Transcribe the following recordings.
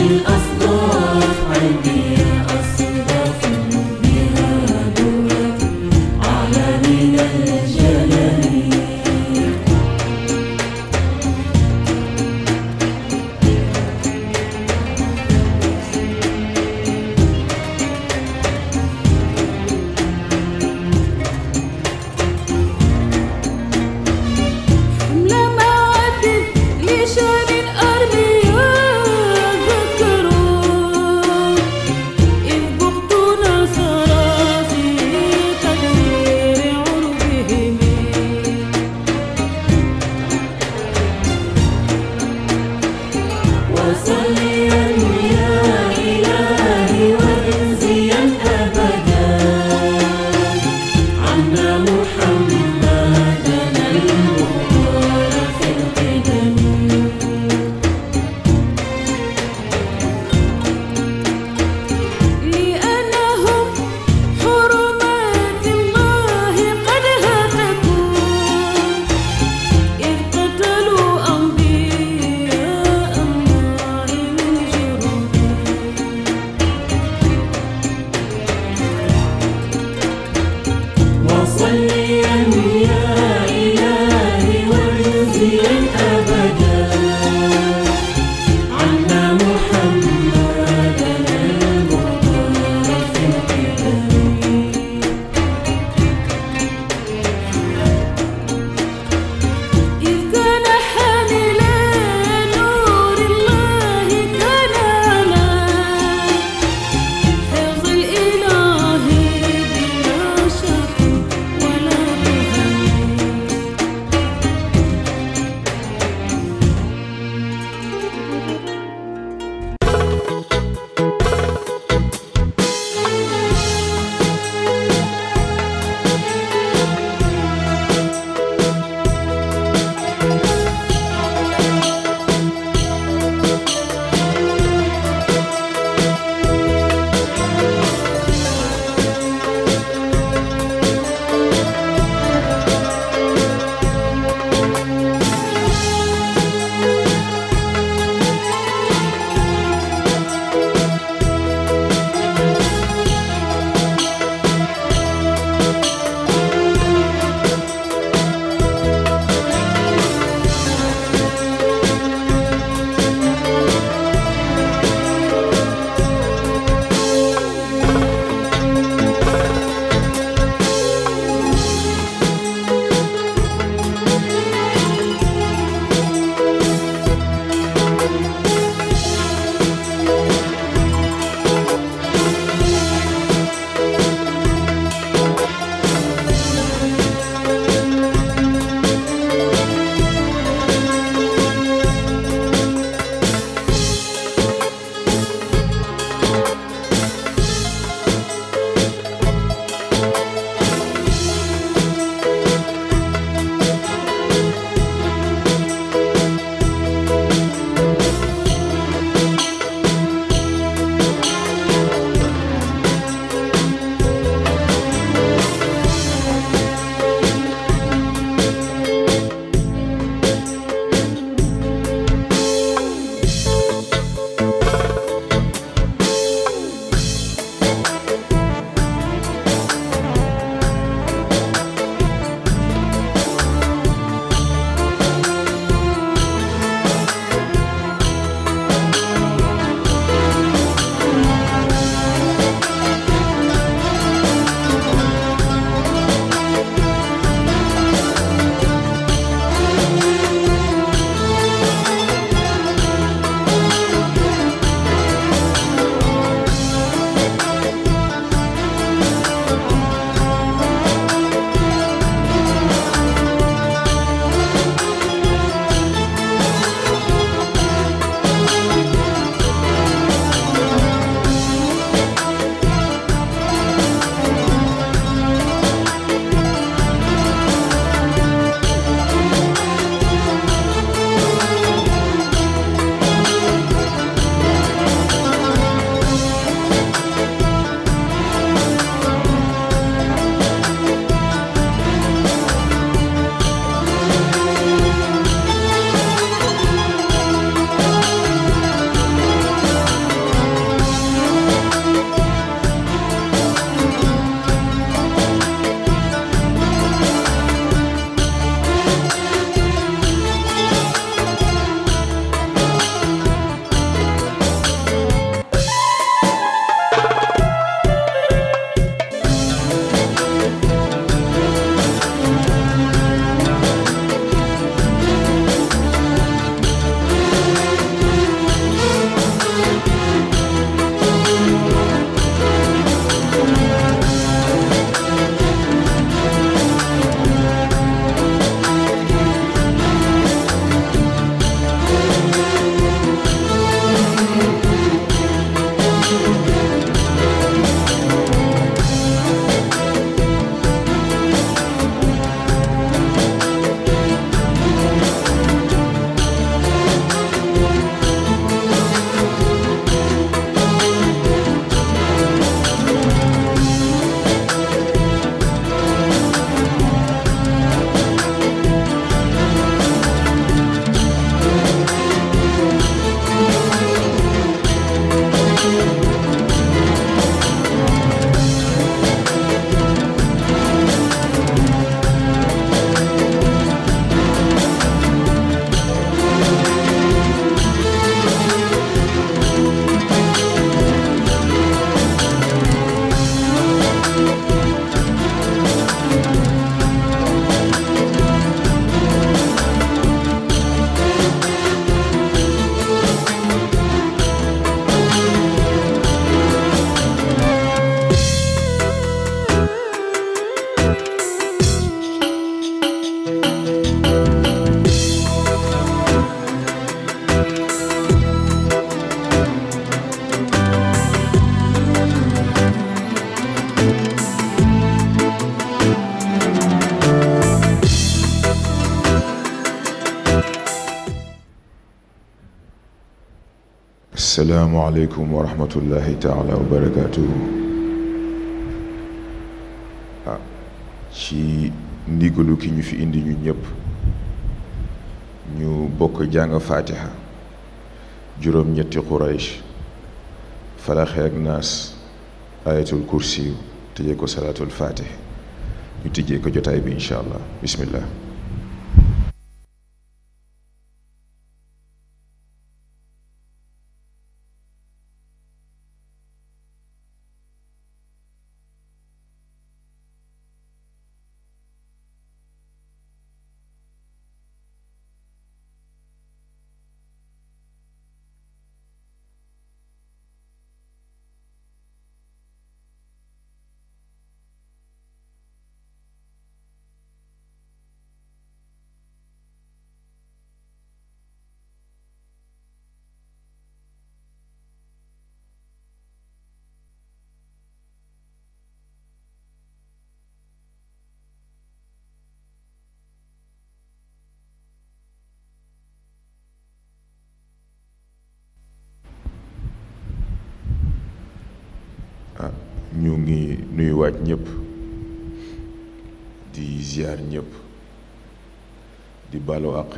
الأرض asalaamualeykum wa rahmatullahi taala wa barakaatuhu ah, ci ndigalu ki ñu fi indi ñu ñëpp ñu bokk jàng faatiha juróom-ñetti quraysh falaxe ak naas ayatul kursi tëjee ko salaatul faatih ñu tijjee ko jotaay bi incha allah bismillah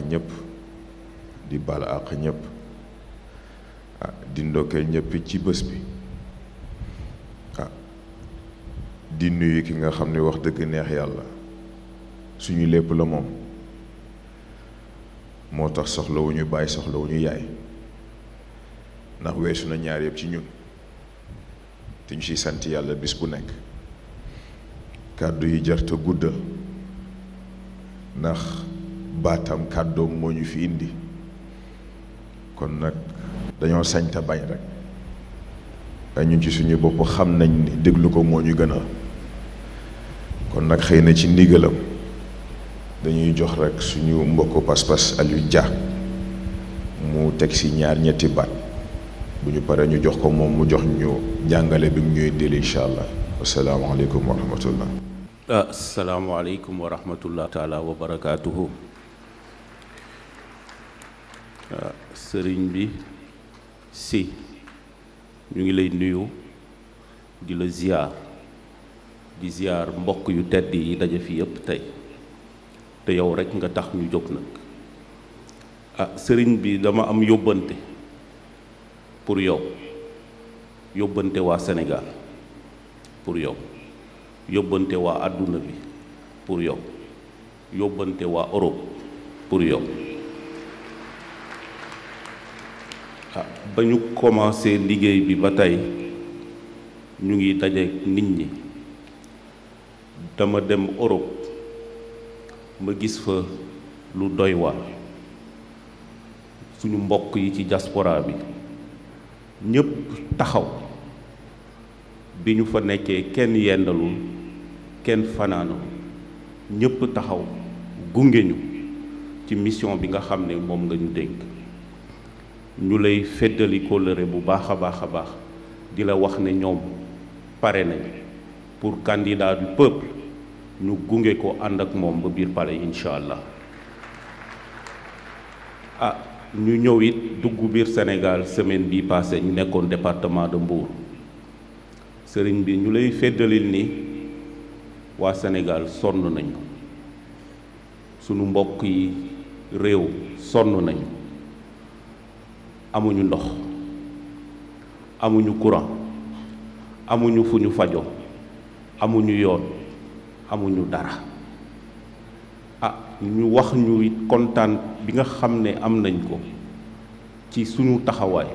ñëpp di bal àq ñépp ah di ndokkeel ñëpp ci bés bi ah di nuyu ki nga xam ni wax dëgg neex yàlla suñu lépp la moom moo tax soxlawuñu bàyyi soxlawuñu yaay ndax weesu na ñaar yëpp ci ñun te ñu ciy sant yàlla bis bu nekk kàddu yi jarte guddal ndax baatam kàddoom moo ñu fi indi kon nag dañoo sañta bañ rek waaye ñun ci suñu bopp xam nañ ni déglu ko moo ñu gënal kon nag xëy na ci ndigalam dañuy jox rek suñu mbokk pas-pas Aliou Dia mu teg ci ñaar ñetti baat bu ñu paree ñu jox ko moom mu jox ñu jàngale bi mu ñuy dil incha allah asalaamaaleykum wa rahmatullah ah, asalaamaaleykum wa rahmatullah taala wa barakaatuhu sëriñ bi si ñu ngi lay nuyu di la ziar di ziar mbokk yu tedd yi daje fi yépp tey te yow rekk nga tax ñu jóg nag ah sëriñ bi dama am yóbbante pour yow yóbbante waa senegaal pour yow yóbbante waa àdduna bi pour yow yóbbante waa Europe pour yow ba ñu commencé liggéey bi ba tey ñu ngi dajeek nit ñi dama dem Europe ma gis fa lu doy waar suñu mbokk yi ci jasporaa bi ñépp taxaw bi ñu fa nekkee kenn yendalul kenn fanaanul ñépp taxaw gunge ñu ci mission bi nga xam ne moom nga ñu dénk ñu lay féddali kóllëre bu baax a baax a baax di la wax ne ñoom pare nañ pour candidat du pëpp ñu gunge ko ànd ak moom ba biir palais incha allah a ah, ñu ñëw it dugg biir Sénégal semaine bii passé ñu nekkoon département de Mbour sëriñ bi ñu lay féddalil ni waa Sénégal sonn nañu sunu mbokk yi réew sonn nañu amuñu ndox amuñu courant amuñu fu ñu fajo amuñu yoon amuñu dara ah ñu wax ñu kontaan bi nga xam ne am nañ ko ci suñu taxawaay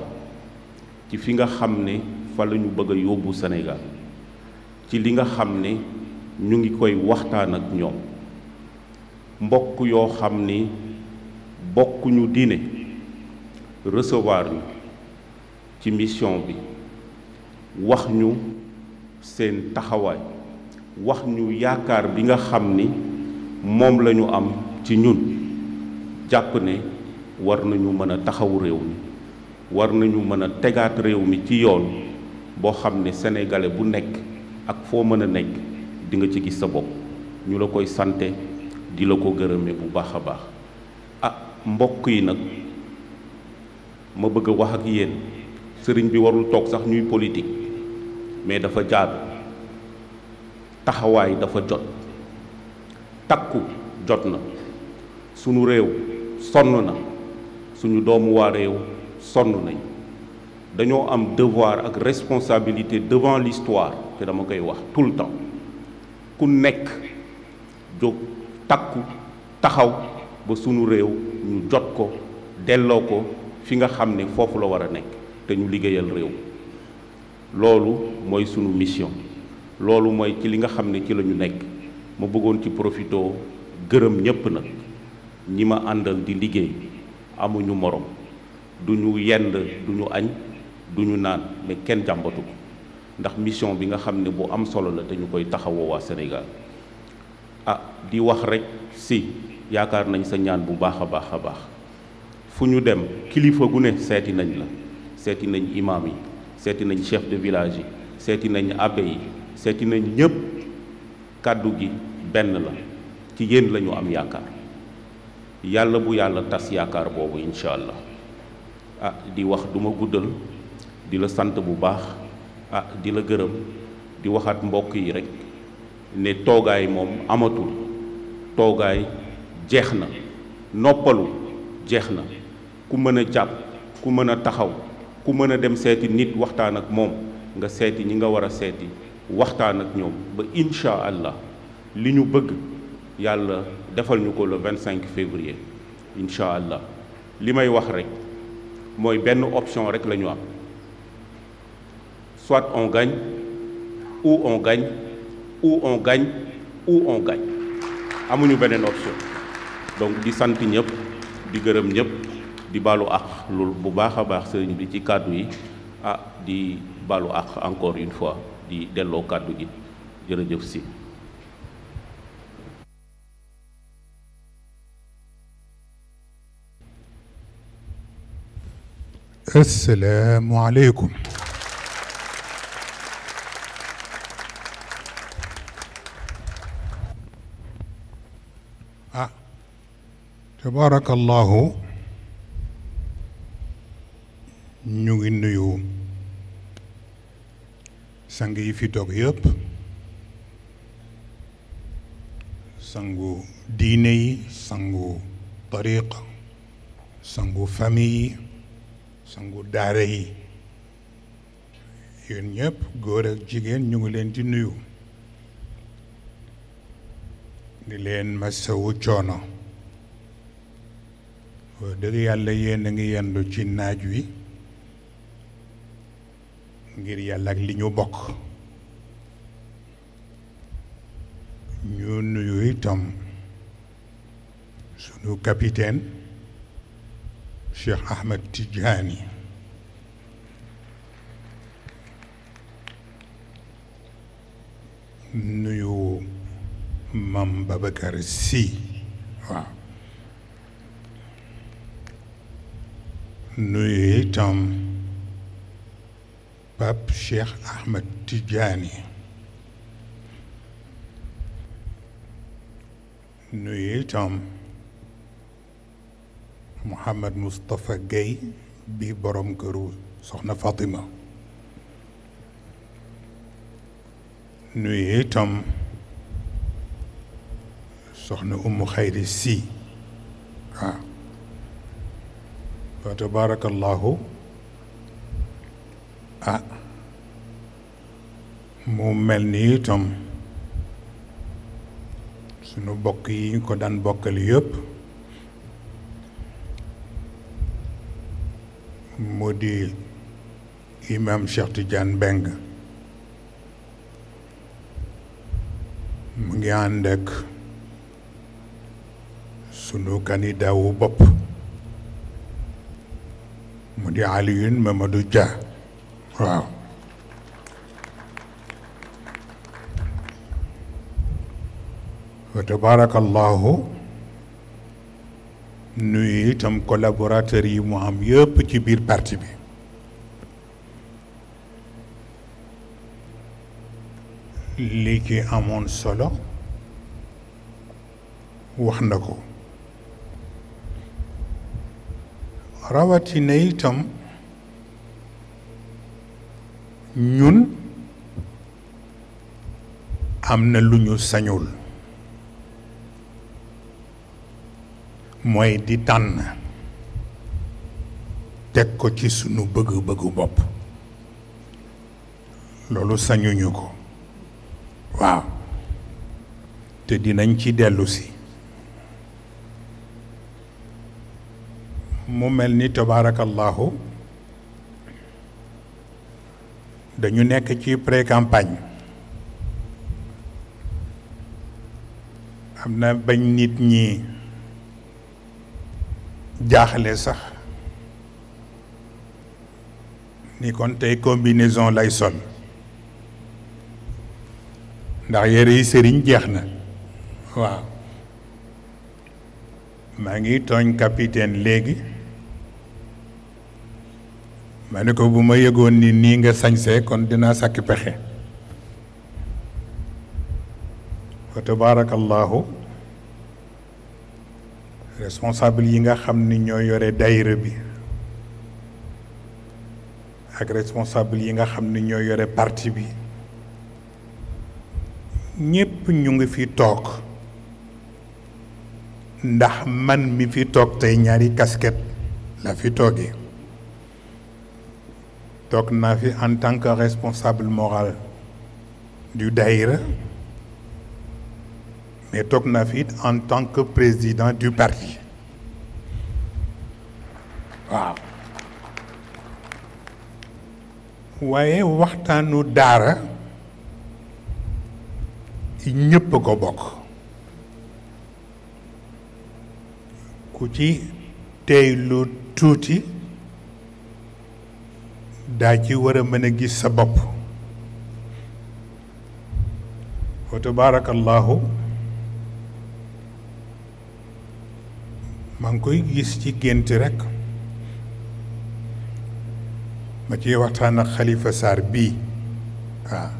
ci fi nga xam ne fa la ñu bëgg a yóbbu senegaal ci li nga xam ne ñu ngi koy waxtaan ak ñoom mbokk yoo xam ni bokkuñu diine recevoir ñu ci mission bi wax ñu seen taxawaay wax ñu yaakaar bi nga xam ni moom lañu am ci ñun jàpp ne war nañu mën a taxawu réew mi war nañu mën a tegaat réew mi ci yoon boo xam ne sénégalais bu nekk ak foo mën a nekk dinga ci gis sa bopp ñu la koy sante di la ko gërëme bu baax a baax ah mbokk yi nag ma bëgg a wax ak yéen sëriñ bi warul toog sax ñuy politique mais dafa jaadu taxawaay dafa jot takku jot na sunu réew sonn na suñu doomu waa réew sonn nañ dañoo am devoir ak responsabilité devant l'histoire te dama koy wax tout le temps ku nekk jóg takku taxaw ba sunu réew ñu jot ko delloo ko fi nga xam ne foofu la war a nekk te ñu liggéeyal réew loolu mooy sunu mission loolu mooy ci li nga xam ne ci lañu nekk ma bëggoon ci profitoo gërëm ñépp nag ñi ma àndal di liggéey amuñu moroom du ñu yend du ñu añ du ñu naan mais kenn jàmbatu ko ndax mission bi nga xam ne bu am solo la te ñu koy taxawoo waa Sénégal a ah, di wax rekk si yaakaar nañ sa ñaan bu baax a baax a baax fu ñu dem kilifa gu ne seeti nañ la seeti nañ imaam yi seeti nañ chef de village yi seeti nañ abbé yi seeti nañ ñépp kàddu gi benn la ci yéen lañu am yaakaar yàlla bu yàlla tas yaakaar boobu incha allah ah di wax duma guddal di la sant bu baax ah di la gërëm di waxaat mbokk yi rek ne toogaay moom amatul toogaay jeex na noppalu jeex na ku mën a jàpp ku mën a taxaw ku mën a dem seeti nit waxtaan ak moom nga seeti ñi nga war a seeti waxtaan ak ñoom ba incha allah li ñu bëgg yàlla defal ñu ko le 25 février incha allah li may wax rek mooy benn option rek la ñu am soit on gagne ou on gagne ou on gagne ou on gagne amuñu beneen option donc di sant ñëpp di gërëm ñëpp. di baalu àq loolu bu baax a baax sëriñ bi ci kaddu yi ah di baalu ak encore une fois di delloo kàddu gi jërëjëf si assalaamu aleykum ah tabaarakallaahu ñu ngi nuyu sang yi fi toog yëpp sangu diine yi sangu tariqa sangu famille yi sangu daara yi yéen ñëpp góor ak jigéen ñu ngi leen di nuyu di leen masawu coono dëgg yàlla yéen a ngi yendu ci naaj wi ngir yàlla ak li ñu bokk ñu nuyu itam sunu capitaine Cheikh Ahmed Tidiane nuyu Mam Babacar Sy waaw nuyu itam Pape Cheikh Ahmed Tidiane nuyu itam Mouhamed Moustapha bi borom këru Soxna Fatima nuyu itam Soxna Umu Xayri Si waaw fa tabarakallahu ah mu mel ni itam sunu bokk yi ñu ko daan bokkal yépp mu di imam Cheikh Tidiane Mbeng mu ngi ànd ak sunu candidat wu bopp mu di Alioune Mamadou Dia waaw wa tabarakallahu nuyu itam collaborateurs yi mu am yëpp ci biir parti bi li ci amoon solo wax na ko rawatina itam ñun am na lu ñu sañul mooy di tànn teg ko ci sunu bëgg-bëggu bopp loolu sañuñu ko waaw te dinañ ci dellusi mu mel ni tabaarakallahu dañu nekk ci pré-campagne am na bañ nit ñi jaaxale sax ni kon tey combinaison lay sol ndax yére yi sëriñ jeex na waaw maa ngi tooñ capitaine léegi ma ne ko bu ma yëgoon ni nii nga sañsee kon dinaa sàkki pexe fa tabaarakallaahu responsable yi nga xam ni ñoo yore daayira bi ak responsable yi nga xam ni ñoo yore parti bi ñépp ñu ngi fi toog ndax man mi fi toog tey ñaari casquette la fi toogee toog naa fi en tant que responsable moral du daïra mais toog na fi it en tant que président du parti waaw waaye waxtaanu daara yi ñëpp ko bokk ku ci tey lu tuuti daa ci war a mën a gis sa bopp wa tabaarakallaahu maa ngi koy gis ci gént rekk ma ci waxtaan ak xalifa Sarr bii waaw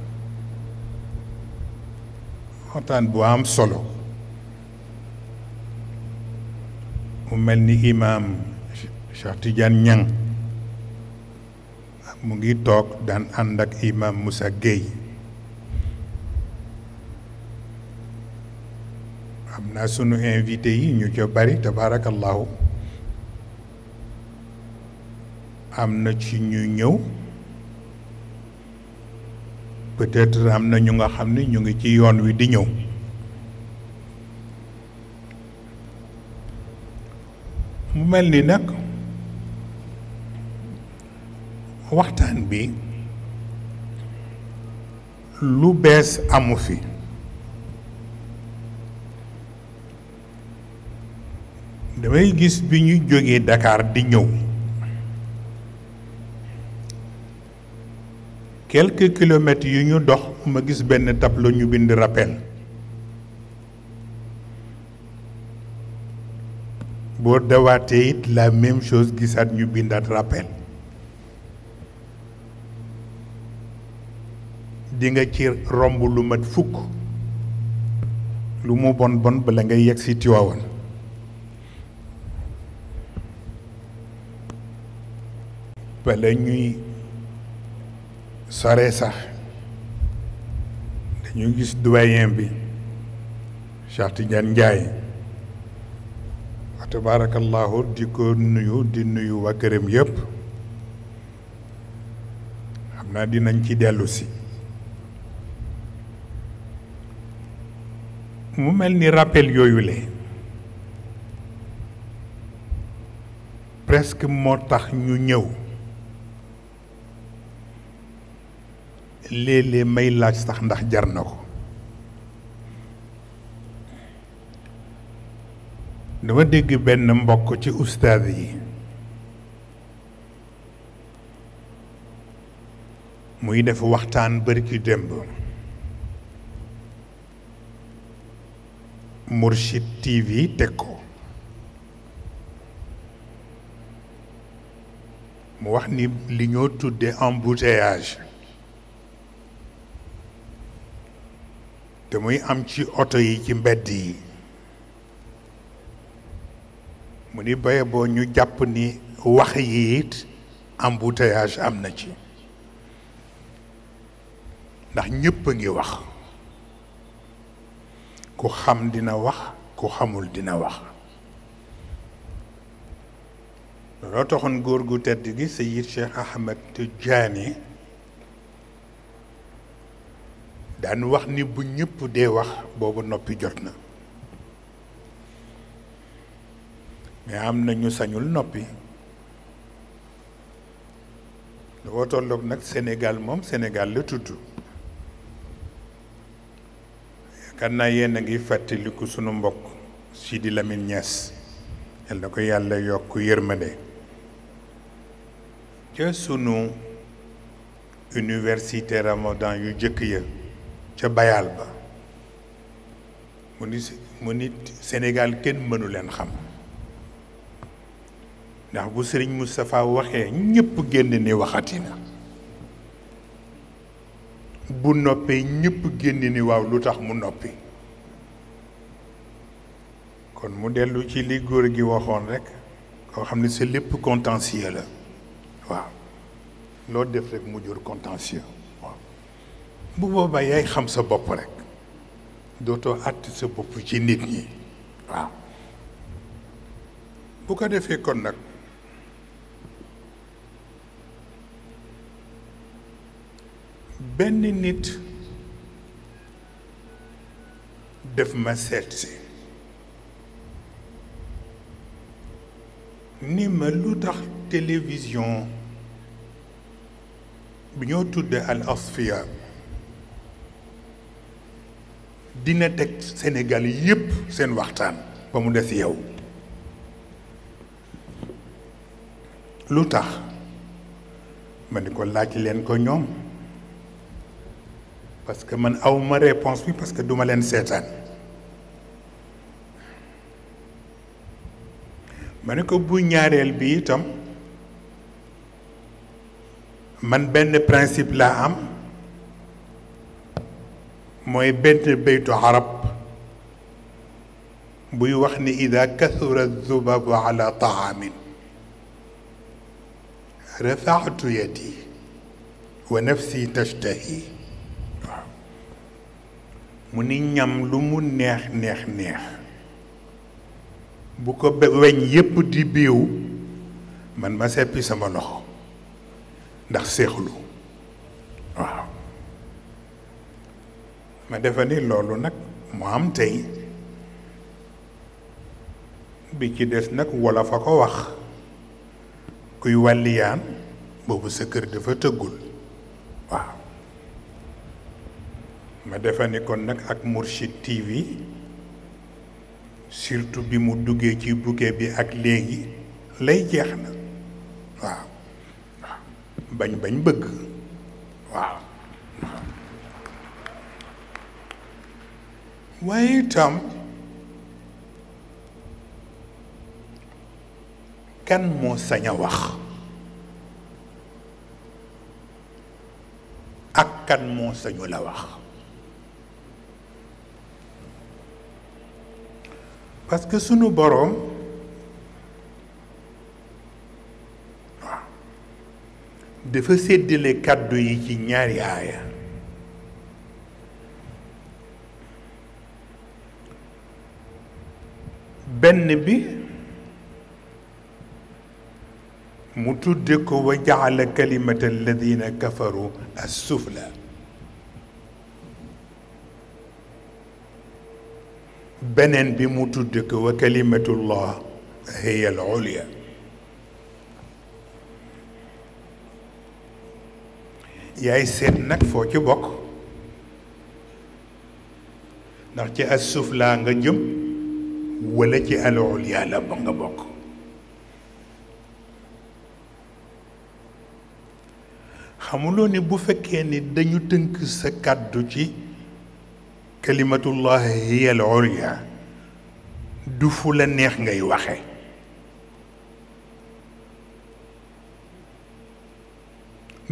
waxtaan bu am solo mu mel ni imaam Cheikh Tidiane Niang mu ngi toog daan ànd ak imam Moussa Gueye am naa sunu invité yi ñu ca bari tabaarakallaahu am na ci ñu ñëw peut am na ñu nga xam ni ñu ngi ci yoon wi di ñëw mu mel ni nag waxtaan bi lu bees amu fi damay gis bi ñuy jógee dakaar di ñëw kelk kilomètres yi ñu dox ma gis benn tableau ñu bind rappel boo dawaatee it la même chose gisaat ñu bindaat rappel di nga ci romb lu mat fukk lu mu bon bon bala ngay yegg si Tiwaawan bala ñuy sore sax dañu gis doyen bi Cheikh njaay Ndiaye wa tabarakallahu di ko nuyu di nuyu waa këram yëpp xam naa dinañ ci dellusi mu mel ni rappel yooyule presque moo tax ñu ñëw léeg may laaj sax ndax jar na ko dama dégg benn mbokk ci ustaaz yi muy def waxtaan bari ci démb Mourchid TV teg ko mu wax ni li ñoo tuddee embouteillage te muy am ci oto yi ci mbedd yi mu ni baye ñu jàpp ni wax yi embouteillage am na ci ndax ñëpp a ngi wax ku xam dina wax ku xamul dina wax looloo taxoon góor gu tedd gi Seyid Cheikh Ahmed Tidiane daan wax ni bu ñépp dee wax boobu noppi jot na mais am na ñu sañul noppi lu woo tolloog nag Sénégal moom Sénégal la tudd kan naa yéen a ngi fàttaliku sunu mbokk Sidi lamin Niass yal na ko yàlla yokk yërmande ca sunu université Ramadan yu jëkk ya ca bayaal ba mu ni mu kenn mënu leen xam ndax bu Serigne Moustapha waxe ñépp génn ni waxati bu noppee ñëpp génn ni waaw lu tax mu noppi kon mu dellu ci li góor gi waxoon rek koo xam ne c'est lépp contentieux la waaw loo def rek mu jur contentieux waaw bu boobaa yaay xam sa bopp rek dootoo àtt sa bopp ci nit ñi waaw bu ko defee kon nag benn nit def ma seetsi ni ma lu tax télévision bi ñoo tuddee Al Asfiya dina teg Sénégal yépp seen waxtaan ba mu des yow lu tax ma ni ko laaj leen ko ñoom parce que man awma réponse bi parce que duma leen seetaan ma ne ko bu ñaareel bi itam man benn principe laa am mooy benn baytu arab buy wax ni ida kasura zubabu ala taamin rafaatu yadi wa nafsi tashtahi mu ni ñam lu mu neex neex neex bu ko weñ yépp di biiw man ma seppi sama loxo ndax séexlu waaw ma defa ni loolu nag mu am tey bi ci des nag wala fa ko wax kuy wàlliyaan boobu sa kër dafa tëggul ma defa ne kon nag ak Mourchid TV surtout bi mu duggee ci buggee bi ak léegi lay jeex na waaw bañ bañ bëgg waaw waaye itam kan moo sañ a wax ak kan moo sañu la wax parce que sunu boroom dafa séddale kàddu yi ci ñaari aaya benn bi mu tudde ko wa jaala kalimata alladina kafaru as sufla beneen bi mu tudd ko wa kalimatullah hiya al ulya yaay seet nag foo ci bokk ndax ci as suuf laa nga jëm wala ci al ulya la ba nga bokk xamuloo ni bu fekkee ni dañu tënk sa kàddu ci kalimatullah hiya al ulya du fu la neex ngay waxe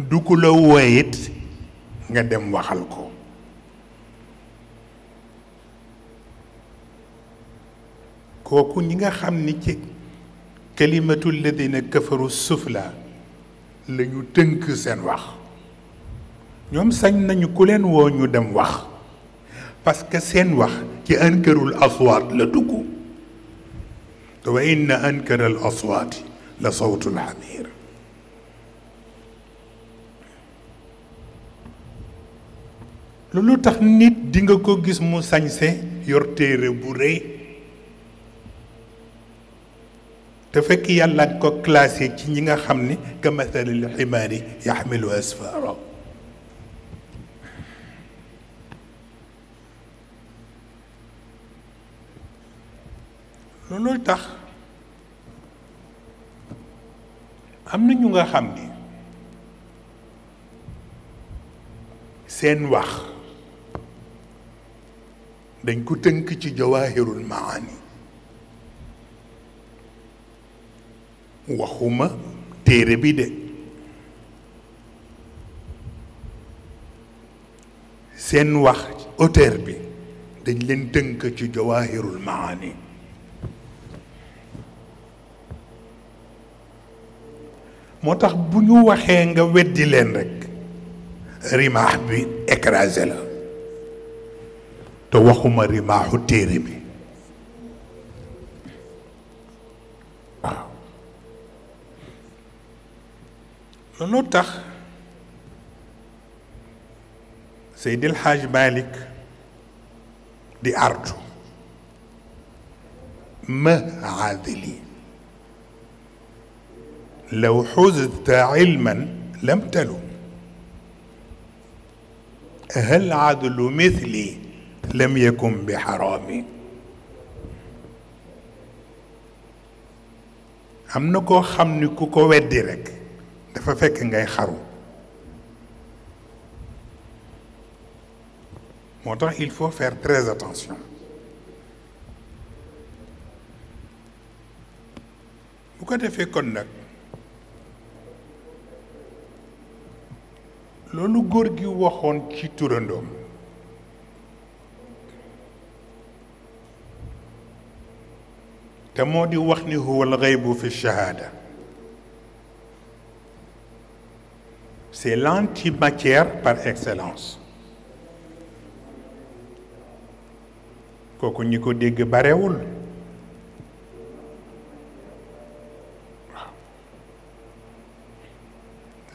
du ku la woyit nga dem waxal ko kooku ñi nga xam ni ci kalimatu ladina këfaru sufla la tënk seen wax ñoom sañ nañu ku leen woo ñu dem wax parce que seen wax ci ankarul aswaat la dugg te wa inna aswaati la sawtul xamiir loolu tax nit dinga ko gis mu sañse yor téere bu rëy te fekk yàlla ko classé ci ñi nga xam ni ka mathalil ximaari yaxmilu asfaara loolooy tax am na ñu nga xam ni seen wax dañ ko tënk ci jawaahirul maani waxuma téere bi de seen wax auteur bi dañ leen tënk ci jawaahirul maani moo tax bu ñu waxee nga weddi leen rek rimaax bi écrasé la te waxuma rimaaxu téere bi waaw tax Seydil Hadj Malick di artu ma aadili لو حزت علما لم تلم هل عدل مثلي لم يكن بحرامي am na koo xam ni ku ko weddi rekk dafa fekk ngay xaru moo tax il faut faire très attention bu ko defee kon nag loolu góor gi waxoon ci turandoom te moo di wax ni huwa alxaybu fi shahaada c'est l'antimatière par excellence kooku ñi ko dégg barewul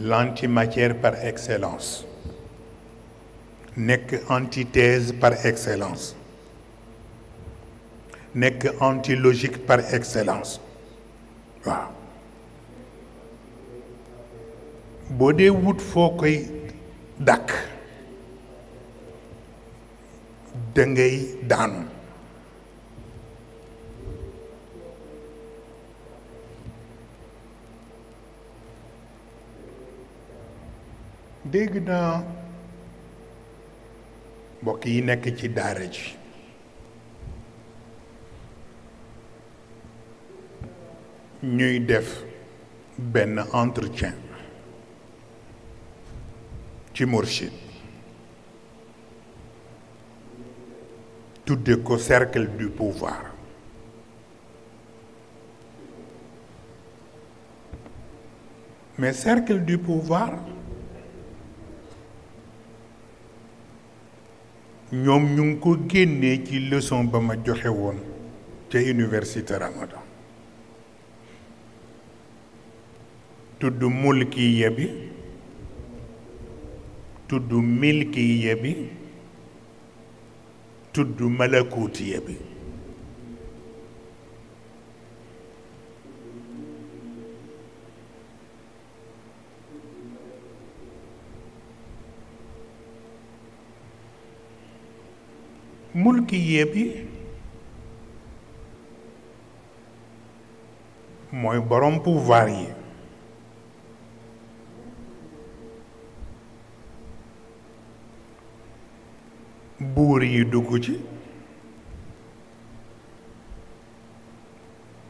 l'antimatière par excellence nekk antithèse par excellence nekk antilogique par excellence waaw boo dee wut foo koy dàkk da daan dégg naa mbokk yi nekk ci daara ji ñuy def benn entretien ci Mourchid tudde ko cercle du pouvoir mais cercle du pouvoir ñoom ñu ngi ko génnee ci leçon ba ma joxe woon ca université Ramadan tudd mulkiya bi tudd milkiya bi tudd malakutiya bi mulkiye bi mooy borom pouvoir yi buur yi dugg ci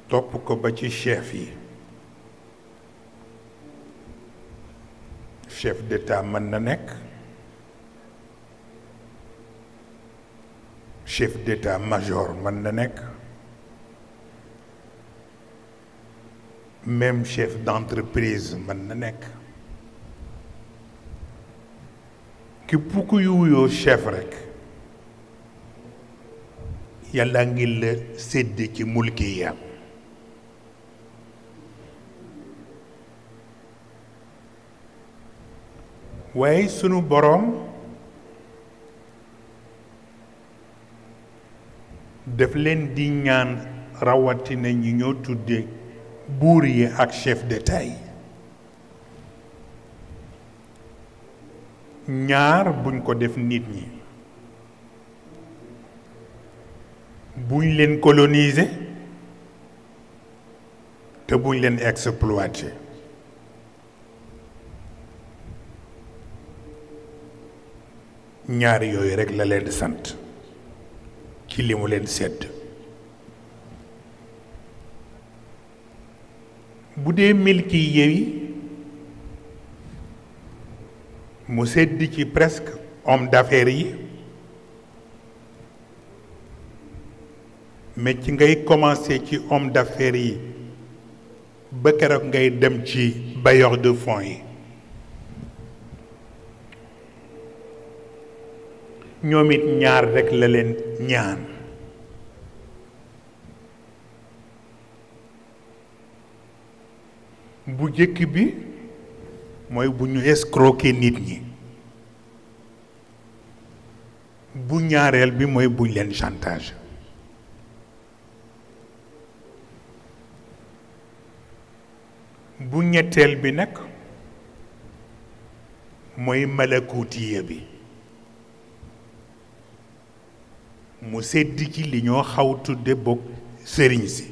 topp ko ba ci chef yi chef d'état mën na nekk chef d'état-major mën na nekk même chef d'entreprise mën na nekk képp yu wuyoo chef rekk yàlla ngi la sédd ci mulkiya waaye sunu boroom def leen di ñaan rawatina ñi ñoo tuddee buur yi ak chef d'état yi ñaar buñ ko def nit ñi buñ leen coloniser te buñ leen exploiter ñaar yooyu rekk la leen sant ci li mu leen sedd bu dee milki yewi mu sedd ci presque homme d'affaires yi mais ci ngay commencer ci homme d'affaires yi ba keroog ngay dem ci bailleur de fonds yi ñoom it ñaar rekk la leen ñaan bu jëkk bi mooy bu ñu escroquer nit ñi bu ñaareel bi mooy buñ leen chantage bu ñetteel bi nag mooy malakutiya bi mu sedd ci li ñoo xaw tudde bokk sëriñ si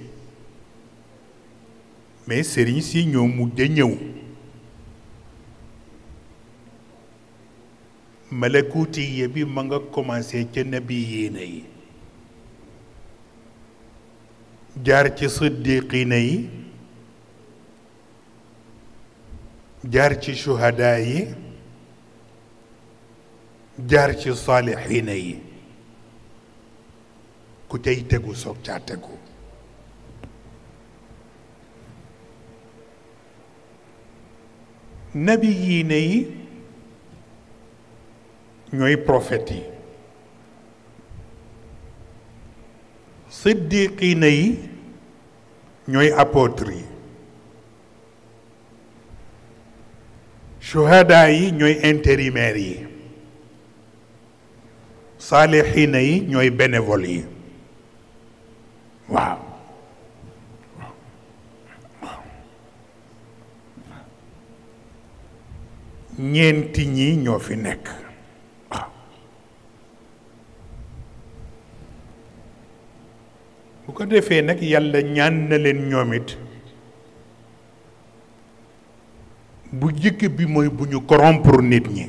mais sëriñ si ñoo mujj a ñëw malakuuti bi ma nga commencé ca nabi yiina yi jaar ci siddiqiina yi jaar ci shuhadaa yi jaar ci saalixiina yi ku cay tegu soog caa tegu nabi yii ne yi ñooy porofet yi siddiqiina yi ñooy apôtre yi shuhada yi ñooy intérimaire yi saalixiina yi ñooy bénévole yi waaw ñeenti ñii ñoo fi nekk bu ko defee nag yàlla ñaan na leen ñoom it bu jëkk bi mooy bu ñu corrompre nit ñi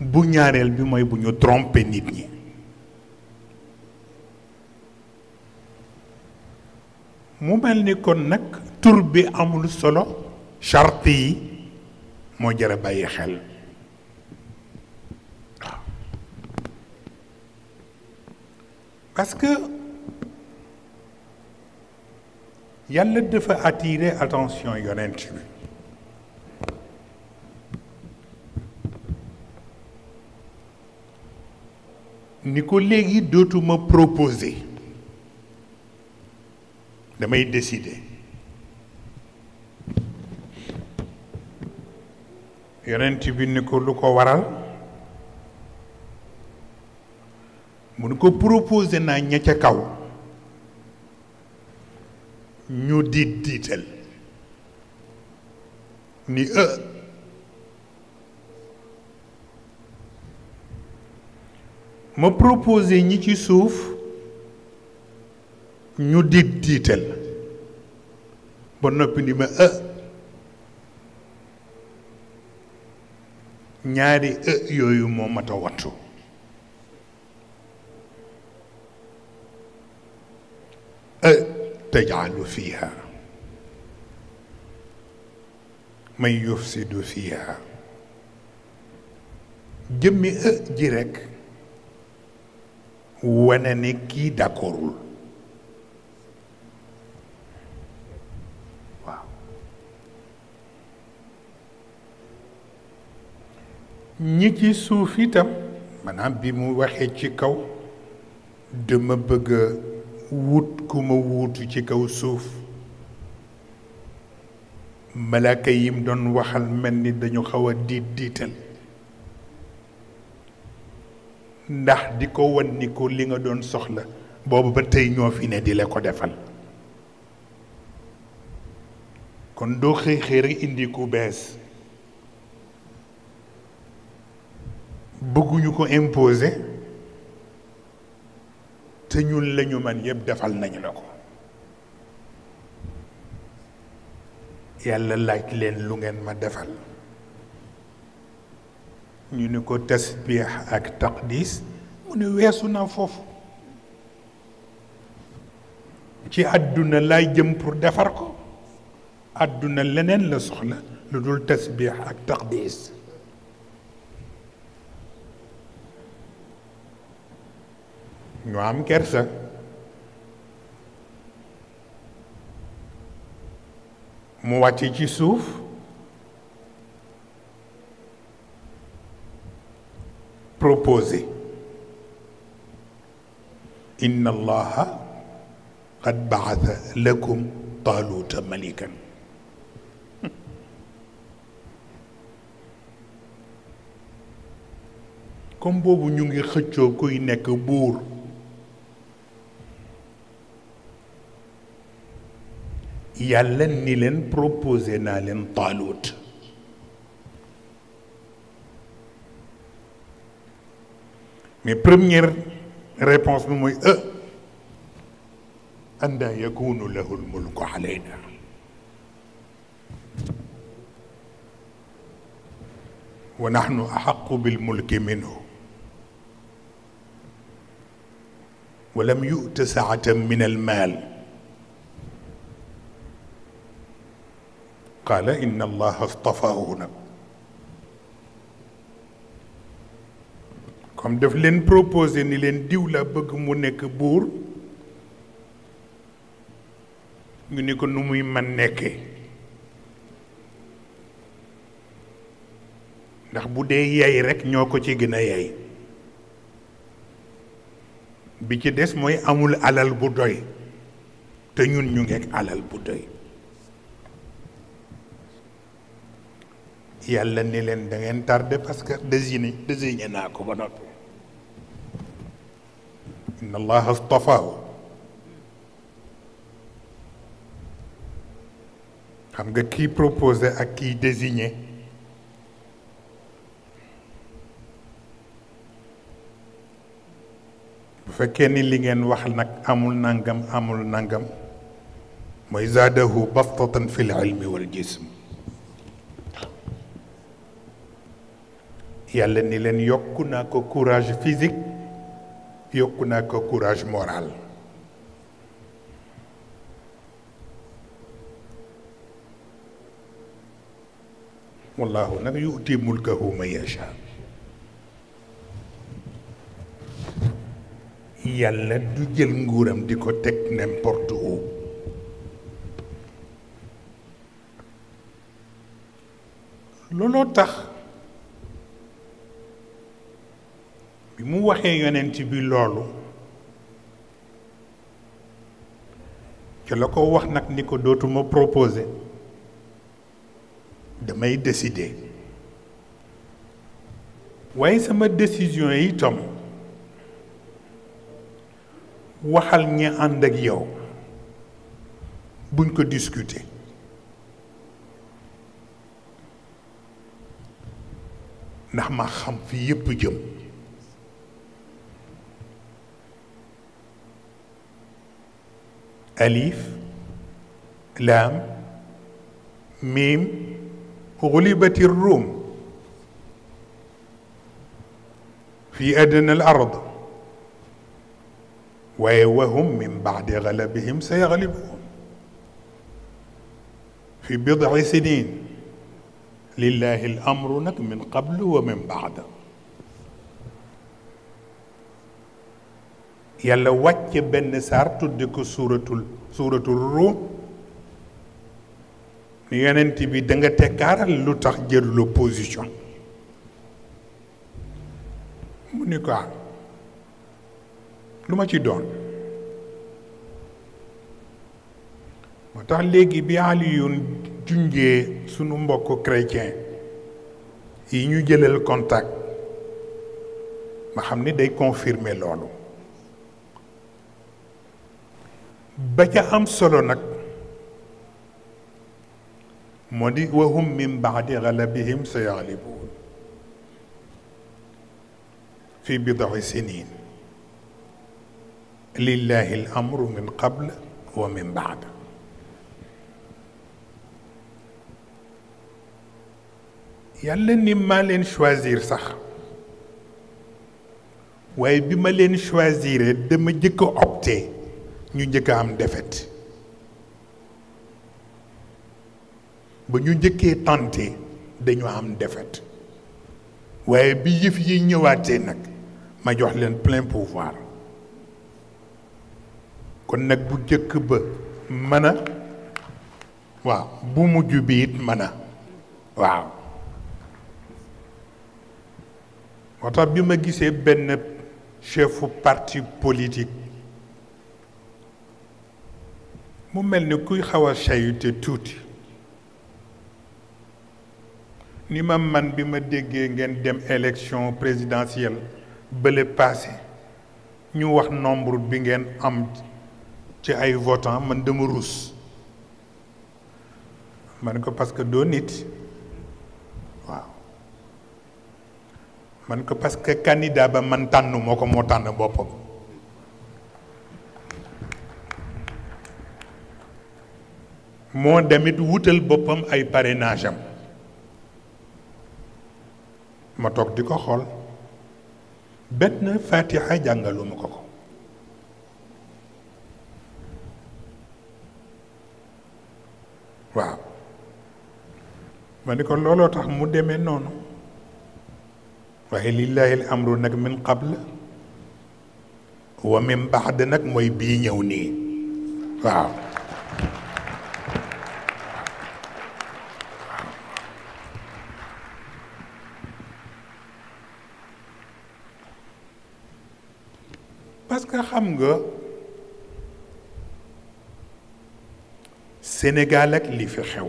bu ñaareel bi mooy bu ñu tromper nit ñi mu mel ni kon nag tur bi amul solo charte yi moo jara bàyyi xel waaw parce que yàlla dafa attirer attention yonent bi ni ko léegi dootuma proposer damay décider yonent bi ni ko lu ko waral mu ni ko proposé naa ña ca kaw ñu diit diital ni e ma proposé ñi ci suuf ñu diit diital ba noppi ni ma ë ñaari ë yooyu moo mat a wattu ë tajaalu fiha man yufsidu fiha jëmmi ë ji rekk wane ni kii d'accordul ñi ci suuf itam maanaam bi mu waxee ci kaw dama bëgg a wut ku ma wuutu ci kaw suuf malaaka yim doon waxal mel ni dañu xaw a diit diital ndax di ko wan li nga doon soxla boobu ba tey ñoo fi ne di la ko defal kon doo xëy xëy indi ku bees bëgguñu ko imposer te ñun lañu man yëpp defal nañu la ko yàlla laaj leen lu ngeen ma defal ñu ni ko tasbix ak taqdis mu ne weesu naa foofu ci àdduna laay jëm pour defar ko àdduna leneen la soxla lu dul tasbix ak taqdis ñu am kersa mu wàcc ci suuf proposé inna allaha qad baatha lakum taaluuta malikan comme boobu ñu ngi xëccoo kuy nekk buur yàlla ni leen proposé naa leen taalut mais première réponse bi mooy e euh, andaa yakunu lahu lmulku alayna wa nahnu axaqu bilmulki minhu wa almaal qaala inna allaha astafaahu comme daf leen proposé ni leen diw la bëgg mu nekk buur ñu ni ko nu muy man nekke ndax bu dee yay rekk ñoo ko ci gën a yay bi ci des mooy amul alal bu doy te ñun ñu ngeeg alal bu doy yàlla ni leen da ngeen tardé parce que désigné désigné naa ko ba noppi inna allaha stafaahu xam nga kii proposé ak kii désigné bu fekkee ni li ngeen wax nag amul nangam amul nangam mooy zaadahu bastatan fi l ilmi yàlla ni leen yokku naa ko courage physique yokku naa ko courage moral wallahu nag yuuti mulkahu man yasha yàlla du jël nguuram di ko teg n'importe où looloo tax bi mu waxee yonent bi loolu ci la ko wax nag ni ko dootuma proposé damay décider waaye sama décision yi tom waxal ñi ànd ak yow buñ ko discuter ndax ma xam fi yépp jëm أليف لام ميم غلبت الروم في أدنى الأرض وهم من بعد غلبهم سيغلبون في بضع سنين لله الأمر من قبل ومن بعد yàlla wàcce benn saar tudde ko suuratul suuratul ruum yonent bi da nga tekkaaral lu tax jëluloo position mu ni ko lu ma ci doon moo tax léegi bi Aliyun junjee sunu mbokk chrétien yi ñu jëlal contact ma xam ni day confirmer loolu ba ca am solo nag moo di wahum min baadi galabihim sa yaglibuun fi bidaci sinin lillahi al amru min qabl wa min baad yàlla ni maa leen choisir sax waaye bi ma leen choisiree dama jëkk opté ñu njëkk a am defet ba ñu njëkkee tenté dañu am defet waaye bi yëf yi ñëwaatee nag ma jox leen plein pouvoir kon nag bu jëkk ba mën a waaw bu mujj bi it mën a waaw moo tax bi ma gisee benn chefu parti politique mu mel ni kuy xaw a sayute tuuti ni ma man bi ma déggee ngeen dem élection présidentielle bële passé ñu wax nombre bi ngeen am ci ay votant man dama ruus man ko parce que doo nit waaw man ko parce que candidat ba man tànn moo ko moo tànn boppam moo demit wutal boppam ay parrainage am ma toog di ko xool benn fatiha jàngaluma ko ko waaw ma ni ko looloo tax mu demee noonu waaye lillahi al amru nag min qabl wa min baad nag mooy bii ñëw nii waaw parce que xam nga Sénégal ak li fi xew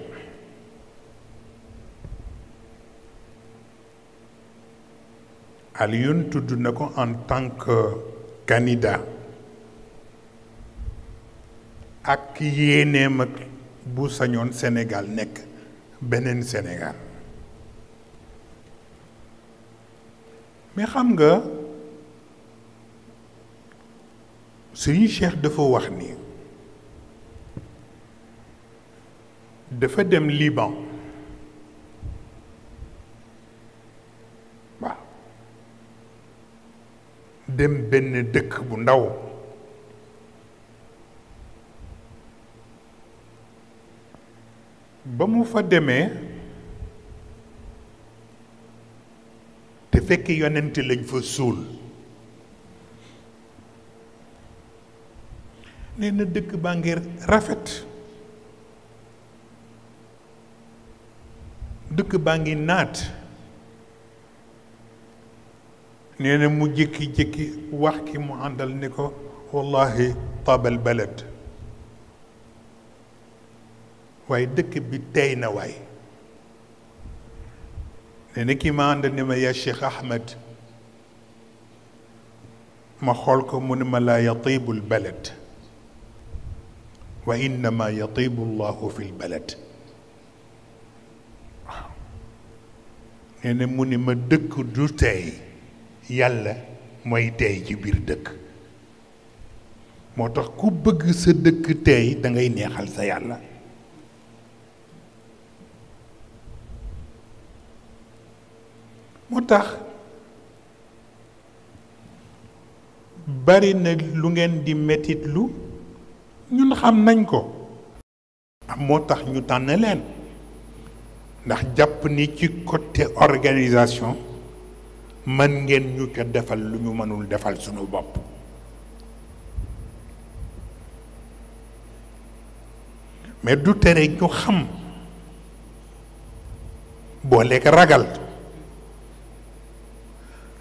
Alioune tudd na ko en tant que candidat ak yéeneem ak bu sañoon Sénégal nekk beneen Sénégal mais xam nga suñu cheikh dafa wax ni dafa dem Liban waaw dem benn dëkk bu ndaw ba mu fa demee te fekk yonent lañ fa suul nee na dëkk baa ngi rafet dëkk baa ngi naat nee na mu jékki-jékki wax ki mu àndal ni ko wallahi taabal balad waaye dëkk bi tey na waay nee na ki ma àndal ni ma yaa Cheikh Ahmed ma xool ko mu ne ma laa yatibul balad wa innama yatibu llahu fi lbalad waaw nee na mu ne ma dëkk du tey yàlla mooy tey ci biir dëkk moo tax ku bëgg sa dëkk tey da neexal sa yàlla moo tax bari lu ngeen di mettit lu ñun xam nañ ko moo tax ñu tànn leen ndax jàpp ni ci côté organisation mën ngeen ñu ca defal lu ñu mënul defal sunu bopp mais du tere ñu xam booleeg ragal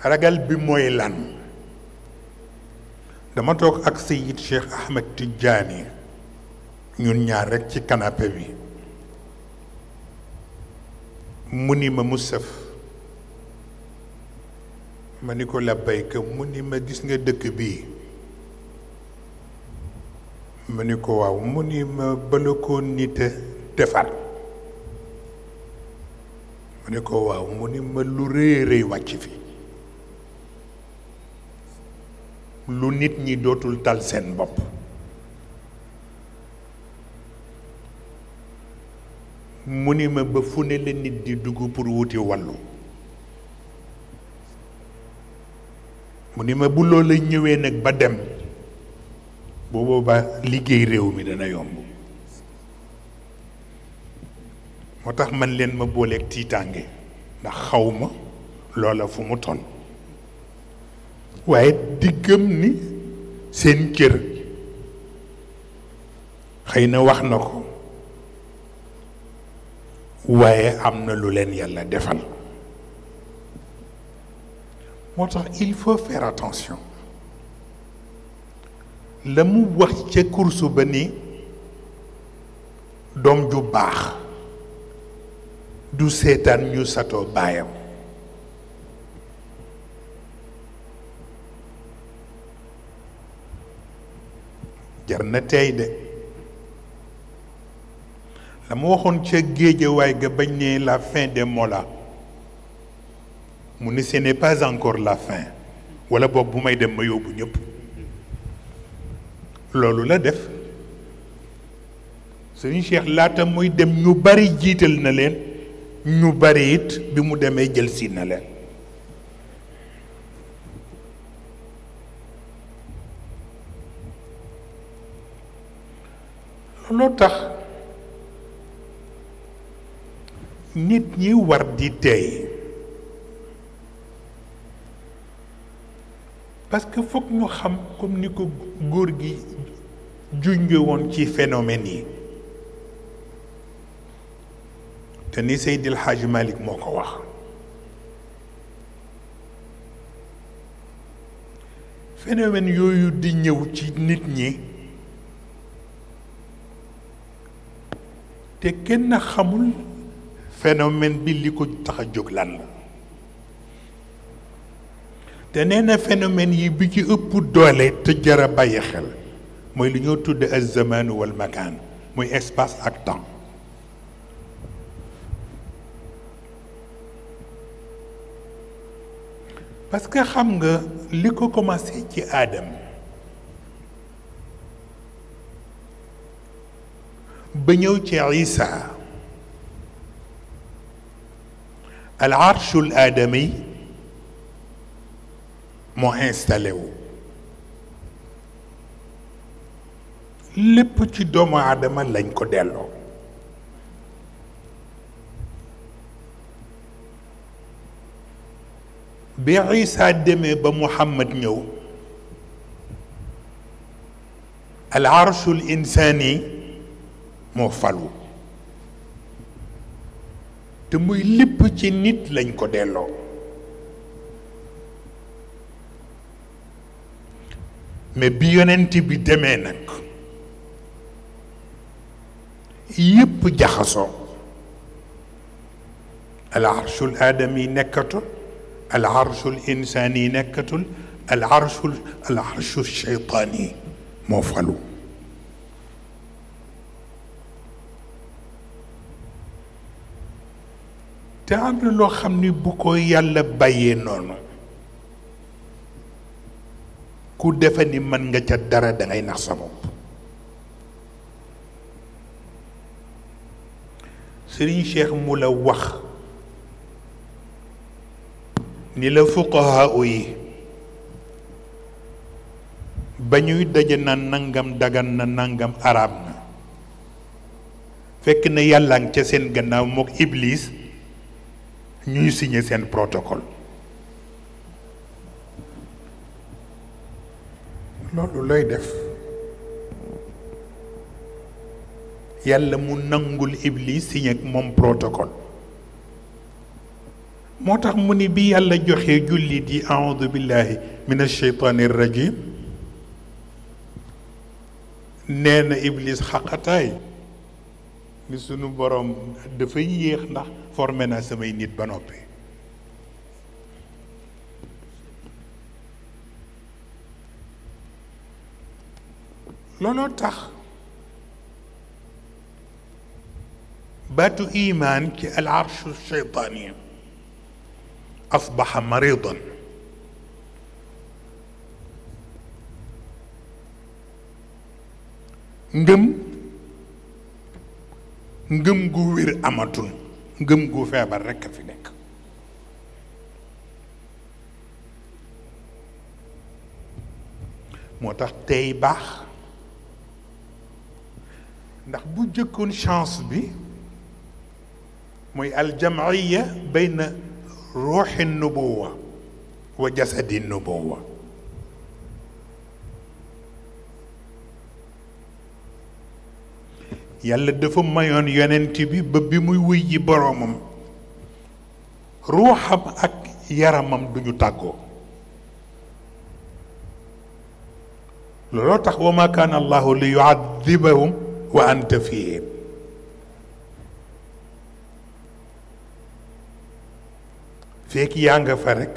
ragal bi mooy lan dama toog ak Seyid Cheikh Ahmed Tidiane ñun ñaar rekk ci kanaape bi mu ni ma Moustapha ma ni ko labbayka mu ni ma gis nga dëkk bii mu ni ko waaw mu ni ma bala koo nite defar mu ni ko waaw mu ni ma lu rëy rëy wàcc fi lu nit ñi dootul tal seen bopp mu ni ma ba fu ne la nit di dugg pour wuti wàllu mu ni ma bu loola ñëwee nag ba dem bu boobaa liggéey réew mi dana yomb moo tax man leen ma booleeg tiitaange ndax xaw ma loola fu mu toll waaye di gëm ni seen cër xëy na wax na ko waaye am na lu leen yàlla defal moo tax il faut faire attention la mu wax ca kursu ba ni doom ju baax du seetaan ñu satoo baayam jar na tey de la waxoon ca géejawaay ga bañ ne la fin des mola mu ni ce n'est pas encore la fin wala boog bu may dem ma yóbbu ñëpp loolu la def suñu cheikh laata muy dem ñu bari jiital na leen ñu bari it bi mu demee jël si na leen lu tax nit ñi war di teey parce que foog ñu xam comme ni ko góor gi juñge woon ci phénomène yi te ni Seydil Hadj Malick moo ko wax phénomène yooyu di ñëw ci nit ñi te kenn xamul phénomène bi li ko tax a jóg lan la te nee na yi bi ci ëpp doole te jar a bàyyi xel mooy li ñoo tudd az zaman wal makaan muy espace ak temps parce que xam nga li ko commencé ci aadam ba ñëw ci isa al arshul aadami moo installé wu lépp ci doomu aadama lañ ko delloo bi isa demee ba mu muhammad ñëw al arshul insaani moo falu te muy lépp ci nit lañ ko delloo mais bi yonent bi demee nag yépp jaxasoo al arshul aadami nekkatul al arshul insaani nekkatul al arshul al arshul moo falu te am na loo xam ni bu ko yàlla bàyyee noonu ku defe ni mën nga ca dara dangay nax sa bopp sëriñ Cheikh mu la wax ni la fuqahaa yi ba ñuy daje na nangam dagan na nangam araam na fekk na yàlla ngi ca seen gannaaw mook ibliis ñuy signé seen protocole loolu looy def yàlla mu nangul iblis signé ak moom protocole moo tax mu ni bi yàlla joxe jullit yi aoudu billahi min asheytaani rajim nee na iblis xaqataay ni sunu borom dafay yéex ndax formé naa samay nit ba noppi looloo tax baatu imaan ci al arshu shaytaani asbaxa maridan ngëm ngëm gu wér amatul ngëm gu feebar rekk a fi nekk moo tax tey baax ndax bu jëkkoon chance bi mooy aljamciya bayna ruuxi nubuwa wa jasadi nubuwa yàlla dafa mayoon yonent bi ba bi muy wuy ji boroomam ruuxam ak yaramam duñu tàggoo looloo tax wa ma kaana allahu li yuadibahum wa anta fihim fekk yaa nga fa rekk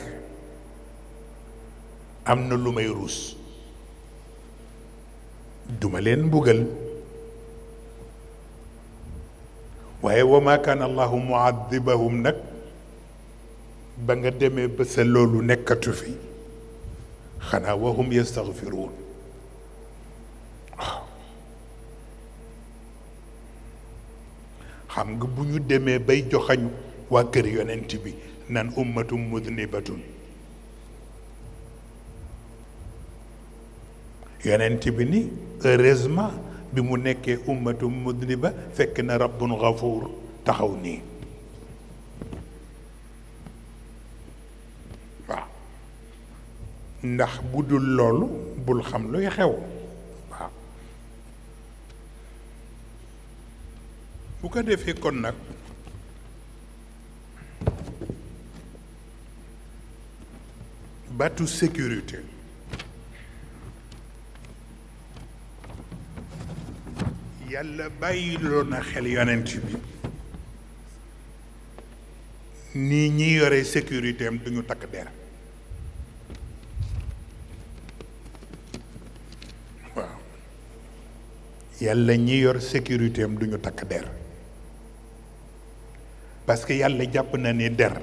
am na lu may ruus duma leen mbugal waaye wa maa kaana allahu muadibahum nag ba nga demee ba sa loolu nekkatu fi xanaa wa hum yastaghfiruun xam nga bu ñu demee bay joxañu waa kër yonent bi naan ummatum mudnibatun yonent bi ni heureusement bi mu nekkee ummatum mudniba fekk na rabbun gafuur taxaw nii waaw ndax bu dul loolu bul xam luy xew waaw bu ko defee kon nag batu sécurité yàlla bàyyiloo na xel yonent bi nii ñi yore sécurité am duñu takk der waaw yàlla ñi yor sécurité du ñu takk der parce que yàlla jàpp na ni der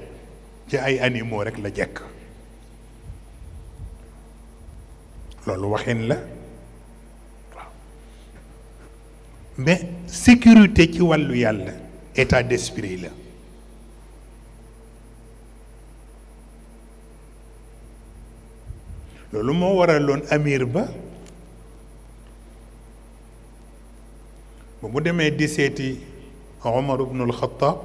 ci ay animaux rekk la jekk loolu waxin la mais sécurité ci wàllu yàlla état d'esprit la loolu moo waraloon amir ba ba mu demee di seeti Omar ibnul Xataab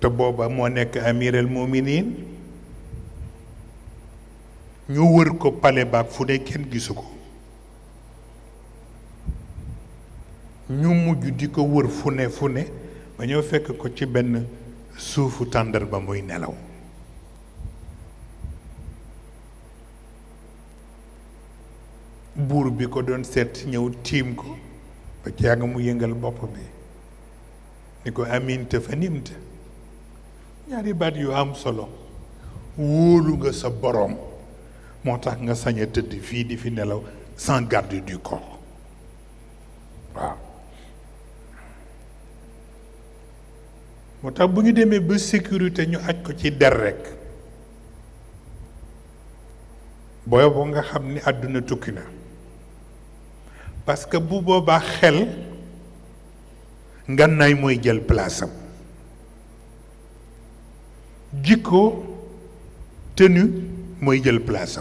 te booba moo nekk amiral muminin ñu wër ko pale baak fu ne kenn gisu ko ñu mujj di ko wër fu ne fu ne ba ñëw fekk ko ci benn suufu tàndar ba muy nelaw buur bi ko doon seet ñëw tiim ko ba ci mu yëngal bopp bi di ko aminta fa nimta ñaari baat yu am solo wóolu nga sa boroom moo tax nga sañ tëdd fii di fi nelaw sans garde du corps waaw moo tax bu ñu demee ba sécurité ñu aj ko ci der rekk booy boo nga xam ni àdduna tukki na parce que bu boobaa xel ngannaay mooy jël place am jikko tenu mooy jël place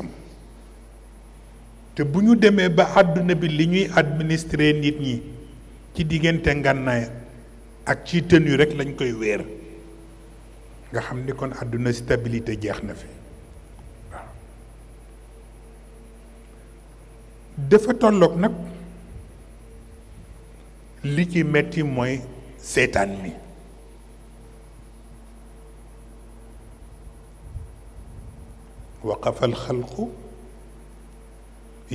te bu ñu demee ba àdduna bi li ñuy administrer nit ñi ci diggante ngannaay ak ci tenue rek lañ koy wéer nga xam ni kon àdduna stabilité jeex na fi waaw dafa tolloog nag li ci metti mooy seetaan mi waqafa alxalqu